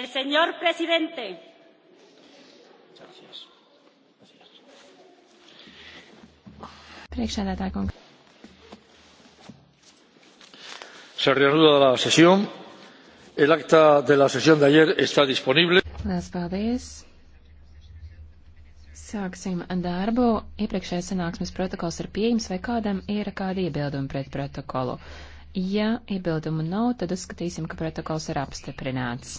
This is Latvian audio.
El señor presidente. Gracias. Gracias. Priekšsēdētāja kungs. Se reanuda la sesión. El acta de la sesión de ayer está disponible. Lielas paldies. Sāksim darbu. Iepriekšējais sanāksmes protokols ir pieejams, vai kādam ir kādi iebildumi pret protokolu? Ja iebildumu nav, tad uzskatīsim, ka protokols ir apstiprināts.